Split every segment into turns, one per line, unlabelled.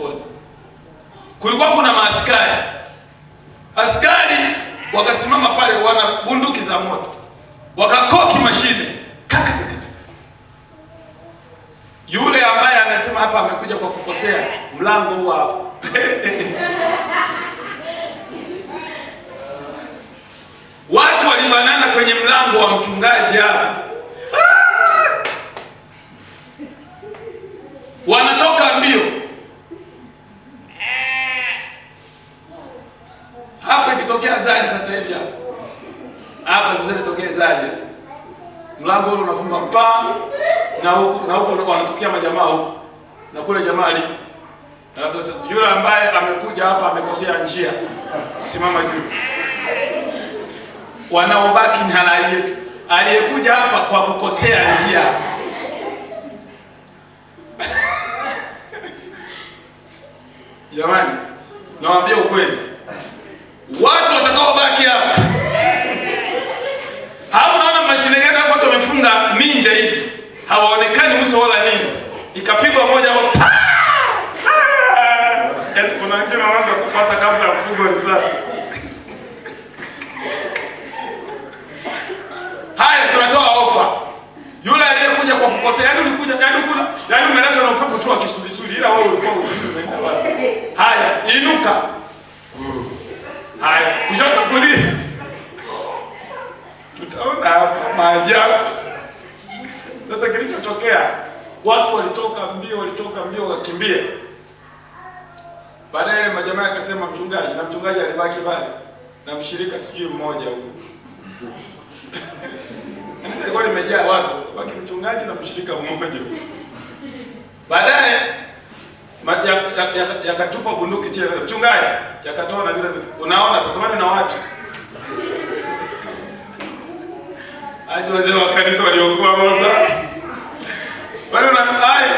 sokoni, kulikuwa kuna maaskari. Askari wakasimama pale, wana bunduki za moto, wakakoki mashine kaka. Yule ambaye anasema hapa amekuja kwa kukosea, mlango huo hapo watu walibanana kwenye mlango wa mchungaji hapa, ah! wanatoka mbio hapa ikitokea zali sasa hivi hapa hapa sasa ikitokea zali, mlango ule unafumba pa na huko na huko wanatokea majamaa huko na kule jamaa ali. Alafu sasa yule ambaye amekuja hapa amekosea njia, simama juu, wanaobaki ni halali yetu. Aliyekuja hapa kwa kukosea njia jamani, nawaambia ukweli watu watakaobaki hapa hapo, naona mashine gani hapo, watu wamefunga ninja hivi hawaonekani uso wala nini, ikapigwa moja hapo, ah! Ah! yaani kuna wengine wanaanza kufuata kabla ya kupigwa risasi. Haya, tunatoa ofa. Yule aliyekuja kwa kukosea, yaani ulikuja, yaani ulikuja, yaani umeletwa na upepo tu wa kisulisuli, ila wewe ulikuwa unaenda. Haya, inuka. maajabu. Sasa kilichotokea, watu walitoka mbio, walitoka mbio, wakakimbia. Baadaye ile majamaa akasema mchungaji, na mchungaji alibaki pale na mshirika sijui mmoja huko kanisa ilikuwa limejaa watu baki mchungaji na mshirika mmoja. Baadaye yakatupa ya, ya, ya bunduki chini, mchungaji yakatoa na vile, unaona sasa na watu Aje wazee wa kanisa waliokuwa Mosa Wale na ai.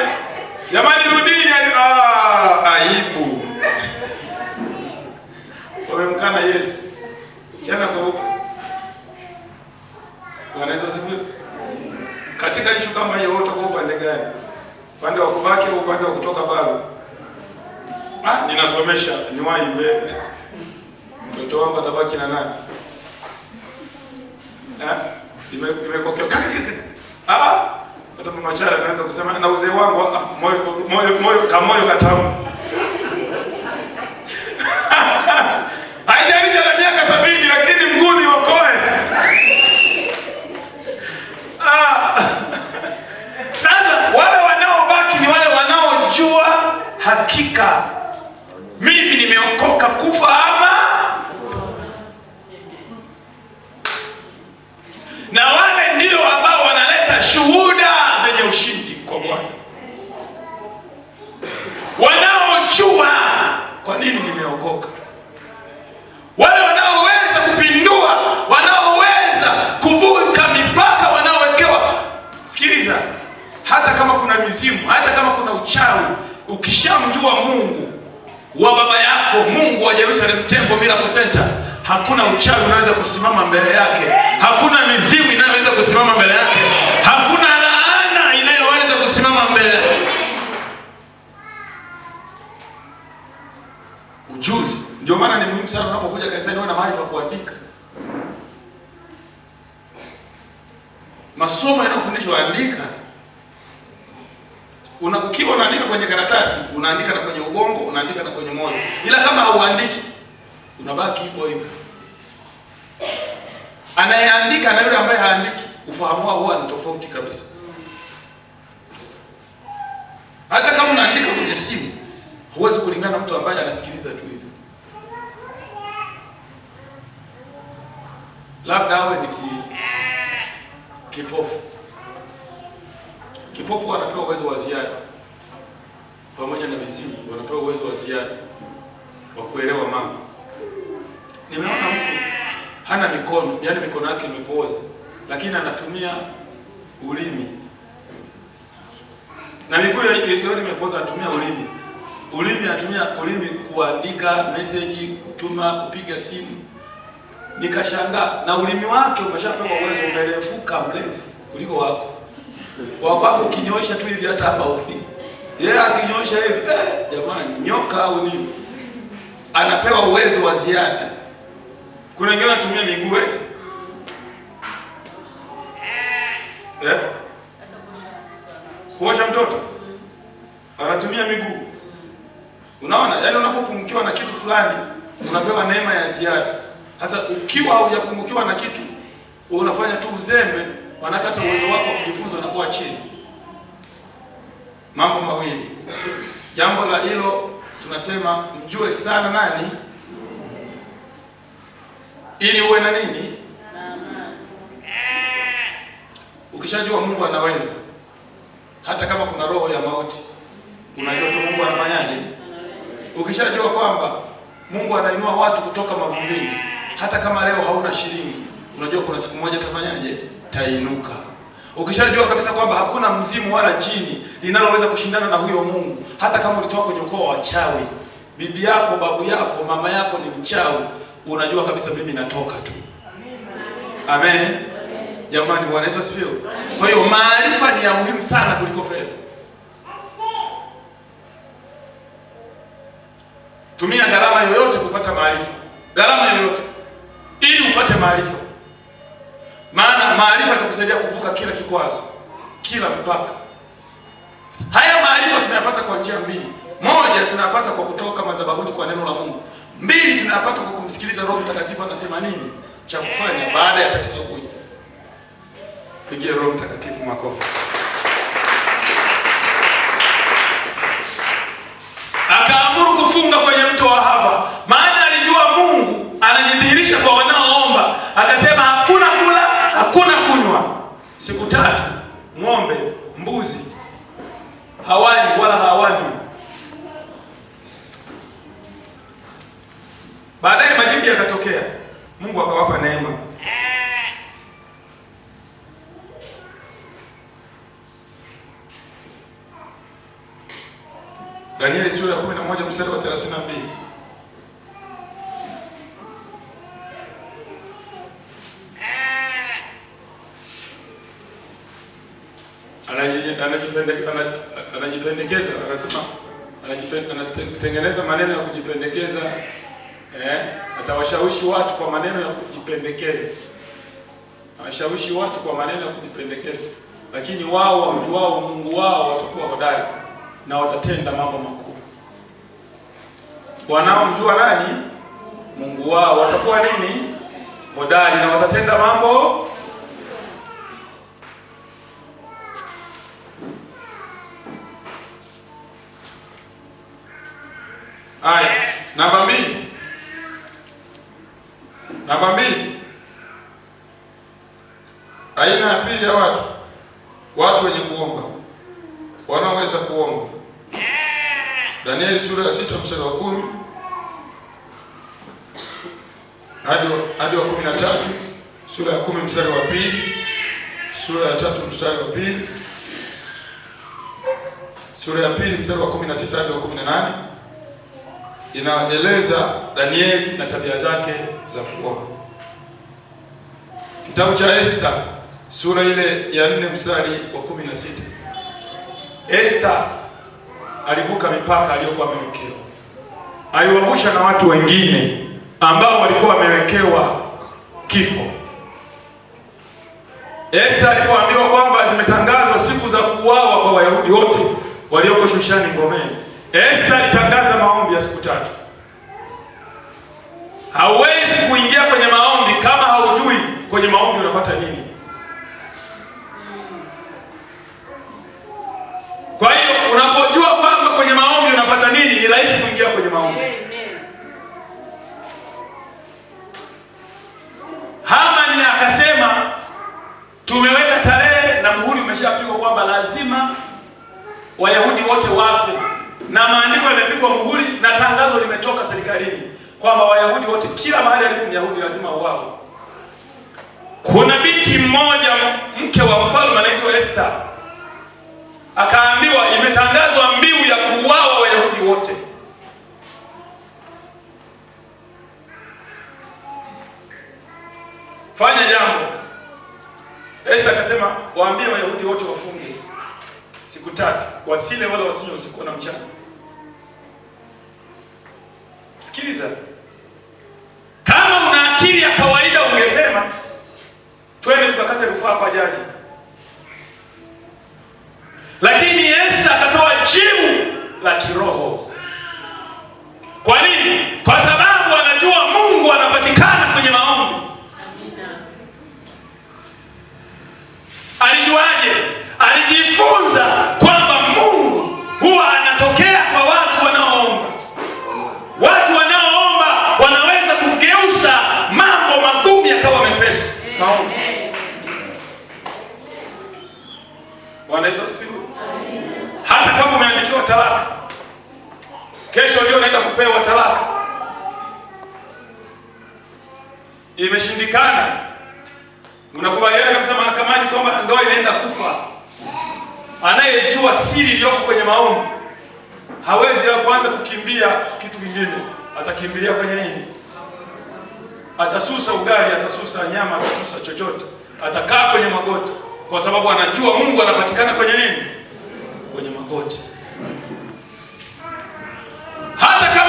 Jamani rudini ah aibu. Wamemkana Yesu. Chana kwa huko. Wanaweza sivyo? Katika ishu kama hiyo wote kwa upande gani? Upande wa kubaki au upande wa kutoka bado? Ah, ninasomesha niwahi mbele. Mtoto wangu atabaki na nani? Ah, imekokewa ah, hata mama Chaya anaweza kusema na uzee wangu ah, moyo moyo moyo kamoyo katamu haijalishi ana miaka sabini lakini mguu ni okoe. Ah. Sasa wale wanaobaki ni wale wanaojua hakika mimi nimeokoka kufa na wale ndio ambao wanaleta shuhuda zenye ushindi kwa Bwana, wanaojua kwa nini nimeokoka, wale wanaoweza kupindua, wanaoweza kuvuka mipaka wanaowekewa. Sikiliza, hata kama kuna mizimu, hata kama kuna uchawi, ukishamjua Mungu wa baba yako, Mungu wa Jerusalem Temple Miracle Center, hakuna uchawi unaweza kusimama mbele yake hakuna mizimu inayoweza kusimama mbele yake, hakuna laana inayoweza kusimama mbele. Ujuzi ndio maana ni muhimu sana unapokuja kanisani uwe na mahali pa kuandika masomo yanayofundishwa, andika una, ukiwa unaandika kwenye karatasi unaandika na kwenye ubongo unaandika na kwenye moyo, ila kama hauandiki unabaki hivyo hivyo. Anayeandika na yule ambaye haandiki ufahamu wao huwa ni tofauti kabisa. Hata kama unaandika kwenye simu huwezi kulingana mtu ambaye anasikiliza tu hivyo. Labda awe ni kipofu. Kipofu anapewa uwezo wa ziada pamoja na viziwi wanapewa uwezo wa ziada wa kuelewa mambo. Nimeona hana mikono, yani mikono yake imepooza, lakini anatumia ulimi na miguu yote imepooza, anatumia ulimi. Ulimi anatumia ulimi kuandika meseji, kutuma, kupiga simu. Nikashangaa na ulimi wake umeshapewa uwezo, umerefuka mrefu kuliko wako wako wako, ukinyoosha tu hivi hata hapa ufiki yeye yeah, akinyosha hivi eh, jamani, nyoka au nini, anapewa uwezo wa ziada. Kuna wengine wanatumia miguu eti eh. eh, kuosha mtoto anatumia miguu. Unaona, yaani unapopungukiwa na kitu fulani unapewa neema ya ziada. Sasa ukiwa haujapungukiwa na kitu unafanya tu uzembe, wanakata uwezo wako wa kujifunza kuwa chini. Mambo mawili, jambo la hilo tunasema mjue sana nani ili uwe na nini? Ukishajua Mungu anaweza, hata kama kuna roho ya mauti, unajua tu Mungu anafanyaje. Ukishajua kwamba Mungu anainua watu kutoka mavumbini, hata kama leo hauna shilingi, unajua kuna siku moja tafanyaje, tainuka. Ukishajua kabisa kwamba hakuna mzimu wala jini linaloweza kushindana na huyo Mungu, hata kama ulitoka kwenye ukoo wa wachawi, bibi yako, babu yako, mama yako ni mchawi unajua kabisa mimi natoka tu. Amen. Jamani, Bwana Yesu asifiwe. Kwa hiyo maarifa ni ya muhimu sana kuliko fedha. Tumia gharama yoyote kupata maarifa, gharama yoyote ili upate maarifa, maana maarifa yatakusaidia kuvuka kila kikwazo, kila mpaka. Haya maarifa tunayapata kwa njia mbili. Moja, tunapata kwa kutoka madhabahuni kwa neno la Mungu Mbili, tunayapata kwa kumsikiliza Roho Mtakatifu anasema nini cha kufanya baada ya tatizo kuja. Pigie Roho Mtakatifu makofi. Akaamuru kufunga kwenye mto wa Ahava, maana alijua Mungu anajidhihirisha kwa wanaoomba. Akasema hakuna kula, hakuna kunywa siku tatu, ng'ombe mengi yakatokea, Mungu akawapa neema. Danieli sura ya 11 mstari wa 32. Anajipendekeza, anasema anajitengeneza maneno ya kujipendekeza eh, atawashawishi watu kwa maneno ya kujipendekeza, awashawishi watu kwa maneno ya kujipendekeza, lakini wao wamju wao Mungu wao watakuwa hodari na watatenda mambo makubwa. Wanaomjua nani? Mungu wao watakuwa nini? Hodari na watatenda mambo aya namba mbili. Namba mbili, aina ya pili ya watu, watu wenye kuomba, wanaoweza kuomba. Danieli sura ya sita mstari wa kumi hadi wa kumi na tatu sura ya kumi mstari wa pili sura ya tatu mstari wa pili sura ya pili mstari wa kumi na sita hadi wa kumi na nane inaeleza Danieli na tabia zake za kuoga. Kitabu cha Esta sura ile ya nne mstari wa kumi na sita Esta alivuka mipaka aliyokuwa amewekewa, aliwavusha na watu wengine ambao walikuwa wamewekewa kifo. Esta alipoambiwa kwamba zimetangazwa siku za kuuawa kwa Wayahudi wote walioko Shushani ngomeni Esta alitangaza maombi ya siku tatu. Hauwezi kuingia kwenye maombi kama haujui kwenye maombi unapata nini. Kwa hiyo unapojua kwamba kwenye maombi unapata nini, ni rahisi kuingia kwenye maombi. Hamani akasema tumeweka tarehe na muhuri umeshapigwa kwamba lazima Wayahudi wote wafe na maandiko yamepigwa muhuri na tangazo limetoka serikalini kwamba Wayahudi wote kila mahali alipo Myahudi lazima uwao. Kuna binti mmoja mke wa mfalme anaitwa Esther akaambiwa, imetangazwa mbiu ya kuuawa Wayahudi wote. Fanya jambo. Esther akasema, waambie Wayahudi wote wafunge siku tatu, wasile wala wasinywe usiku na mchana. Sikiliza, kama una akili ya Bwana Yesu asifiwe. Hata kama umeandikiwa talaka, kesho ndio unaenda kupewa talaka, imeshindikana, mnakubaliana kabisa mahakamani kwamba ndoa inaenda kufa. Anayejua siri iliyoko kwenye maombi hawezi kuanza kukimbia kitu kingine, atakimbilia kwenye nini? Atasusa ugali, atasusa nyama, atasusa chochote, atakaa kwenye magoti kwa sababu anajua Mungu anapatikana kwenye nini? Kwenye magoti hata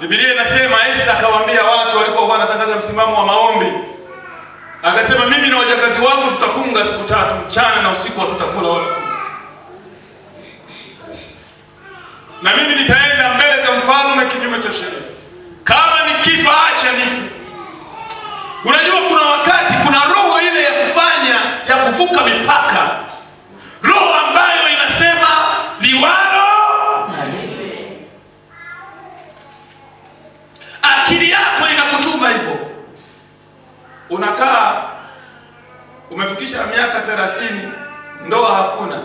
Biblia inasema Isa akawaambia watu walikuwa wanatangaza msimamo wa maombi, akasema mimi na wajakazi wangu tutafunga siku tatu, mchana na usiku hatutakula wala na mimi nitaenda mbele za mfalme kinyume cha sheria, kama nikifa acha nifu. Unajua, kuna wakati kuna roho ile ya kufanya ya kuvuka mipaka roho unakaa umefikisha miaka thelathini, ndoa hakuna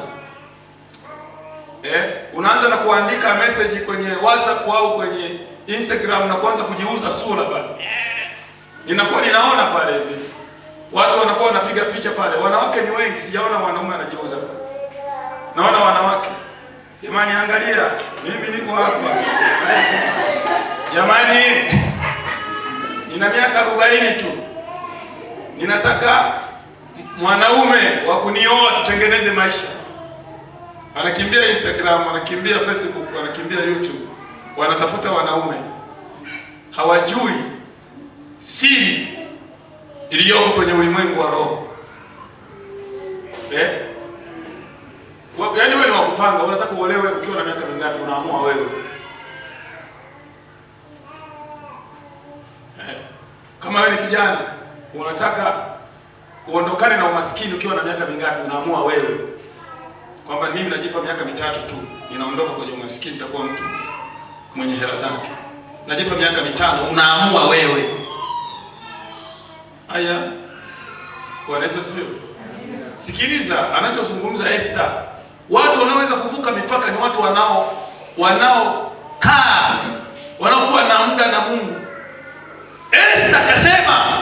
eh, unaanza na kuandika message kwenye WhatsApp au kwenye Instagram na kuanza kujiuza sura pale. Ninakuwa ninaona pale hivi watu wanakuwa wanapiga picha pale, wanawake ni wengi, sijaona wanaume anajiuza Naona wanawake, jamani, angalia mimi niko hapa jamani, nina miaka arobaini tu ninataka mwanaume wa kunioa tutengeneze maisha. anakimbia Instagram, anakimbia Facebook, anakimbia YouTube, wanatafuta wanaume, hawajui siri iliyoko kwenye ulimwengu wa roho eh? Yaani wewe ni wakupanga, unataka uolewe ukiwa na miaka mingapi? Unaamua wewe eh? Kama wewe ni kijana unataka uondokane na umaskini ukiwa na miaka mingapi? Unaamua wewe kwamba mimi najipa miaka mitatu tu, ninaondoka kwenye umaskini, nitakuwa mtu mwenye hela zake. Najipa miaka mitano, unaamua wewe. Haya, Bwana Yesu asifiwe. Sikiliza anachozungumza Esther. Watu wanaoweza kuvuka mipaka ni watu wanao wanaokaa wanaokuwa na muda na Mungu. Esther akasema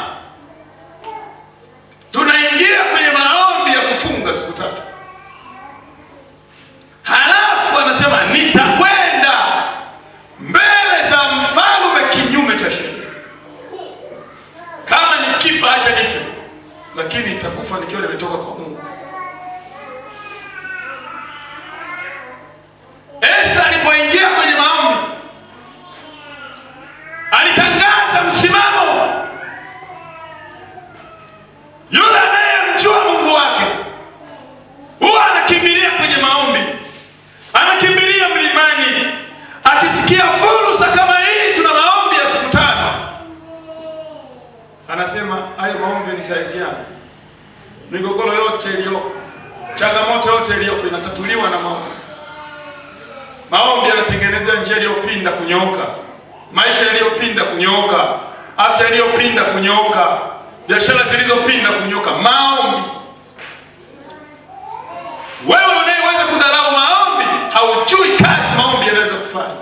Hujui kazi maombi yanaweza kufanya.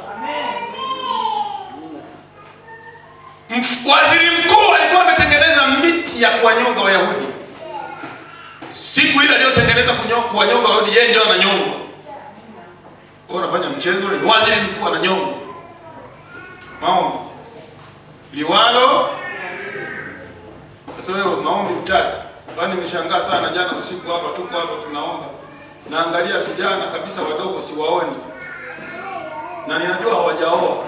Waziri mkuu alikuwa ametengeneza miti ya kuwanyonga Wayahudi. Siku ile aliyotengeneza kuwanyonga Wayahudi, yeye ndio ananyongwa. Wewe unafanya mchezo? Ni waziri mkuu ananyongwa. Maombi liwalo sasa, wewe maombi utaki. Kwani nimeshangaa sana, jana usiku hapa tuko hapa tunaomba naangalia vijana kabisa wadogo siwaoni, na ninajua hawajaoa,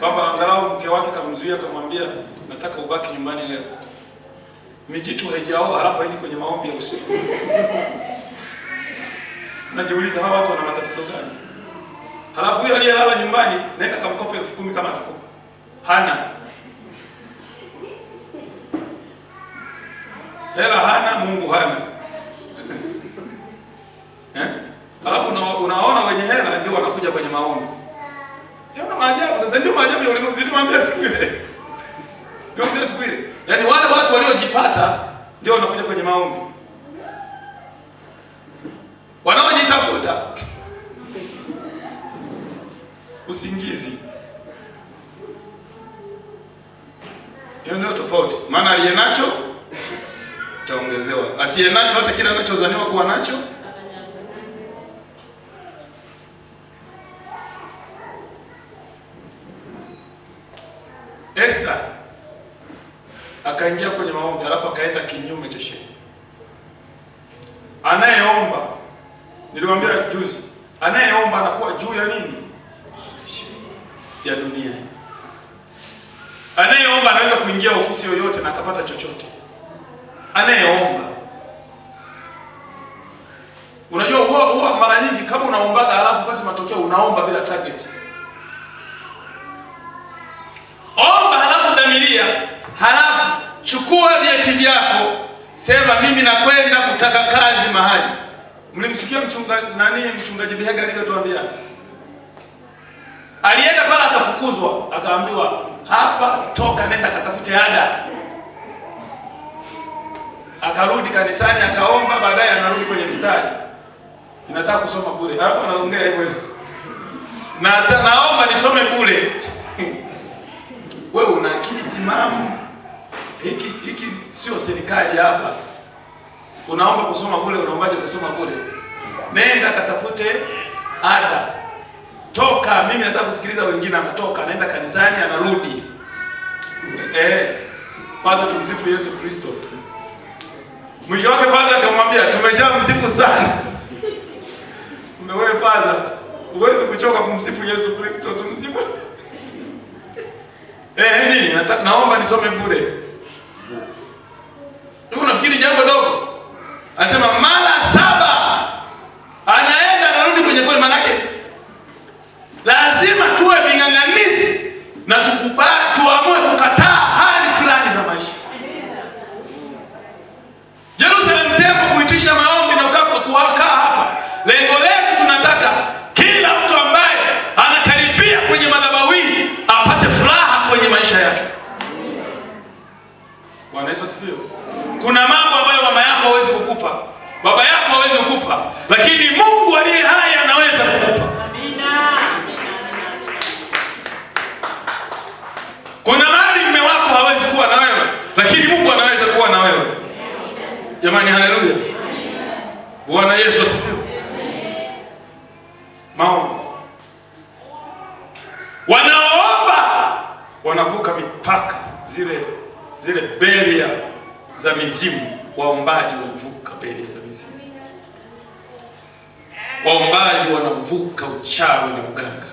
kwamba angalau mke wake kamzuia, kamwambia nataka ubaki nyumbani leo. Mijitu haijaoa halafu haidi kwenye maombi ya usiku najiuliza hawa watu wana matatizo gani? Halafu huyo aliyelala nyumbani naenda kamkopa elfu kumi kama atakopa hana hela, hana Mungu hana eh? Alafu unaona wenye hela ndio wanakuja kwenye maombi. Tena maajabu sasa, ndio maajabu ya ulimwengu. siku ile, ndio ndio siku ile, yaani wale watu waliojipata ndio wanakuja kwenye maombi, wanaojitafuta usingizi. Hiyo ndio tofauti, maana aliye nacho taongezewa, asiye nacho hata kile anachozaniwa kuwa nacho akaingia kwenye maombi alafu akaenda kinyume cha sheria. Anayeomba niliwaambia juzi, anayeomba anakuwa juu ya nini? Ya dunia. Anayeomba anaweza kuingia ofisi yoyote na akapata chochote. Anayeomba unajua, huwa huwa mara nyingi kama unaombaga alafu basi matokeo unaomba bila target. Omba halafu dhamiria halafu chukua vyeti vyako, sema mimi nakwenda kutaka kazi mahali. Mlimsikia mchunga nani, mchungaji Bihega alivyotuambia, alienda pale akafukuzwa, akaambiwa hapa, toka nenda katafute ada. Akarudi kanisani akaomba, baadaye anarudi kwenye mstari, nataka kusoma kule, alafu anaongea hivyo na naomba nisome kule. Wewe una akili timamu hiki hiki sio serikali hapa. Unaomba kusoma kule, unaombaje kusoma kule? Nenda katafute ada, toka. Mimi nataka kusikiliza wengine. Anatoka anaenda kanisani, anarudi. Eh, kwanza tumsifu Yesu Kristo. Mwisho wake kwanza akamwambia tumeshamsifu sana. Umewewe faza, huwezi kuchoka kumsifu Yesu Kristo, tumsifu. Eh, nini? Naomba nisome bure. unafikiri jambo dogo, Jamani, haleluya! Bwana Yesu asifiwe. Maombi, wanaomba wanavuka mipaka zile zile beria za mizimu. Waombaji wanavuka beria za mizimu, waombaji wanavuka uchawi na uganga